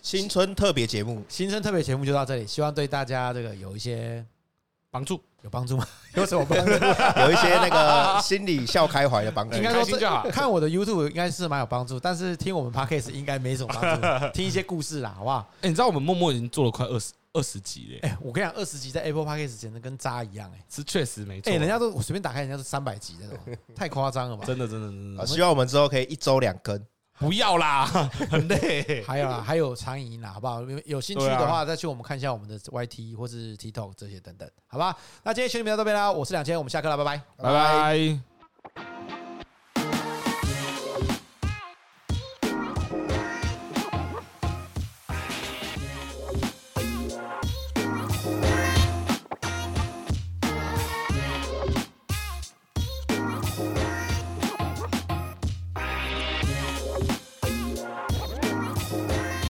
新春特別節目，新春特別節目就到這裡，希望對大家這個有一些幫助，有幫助嗎？有什麼幫助？ 有一些那個心裡笑開懷的幫助 應該說這，開心就好。看我的 YouTube 應該是蠻有幫助，但是聽我們 Podcast 應該沒什麼幫助，聽一些故事啦，好不好？哎、欸，你知道我們默默已經做了快二十。二十集咧、欸，哎、欸，我跟你講，二十集在 Apple Podcast 簡直跟渣一樣、欸，哎，是確實沒錯、欸。哎、欸，人家都我隨便打開，人家是三百集那種太誇張了吧？ 真的，真的，真的。希望我們之後可以一周兩更， 不要啦，很 累。還有， 還有長影音啦，好不好？有興趣的話、啊，再去我們看一下我們的 YT 或是 TikTok 這些等等，好吧？那今天兄弟們到這邊啦，我是兩千，我們下課了，拜拜，拜拜。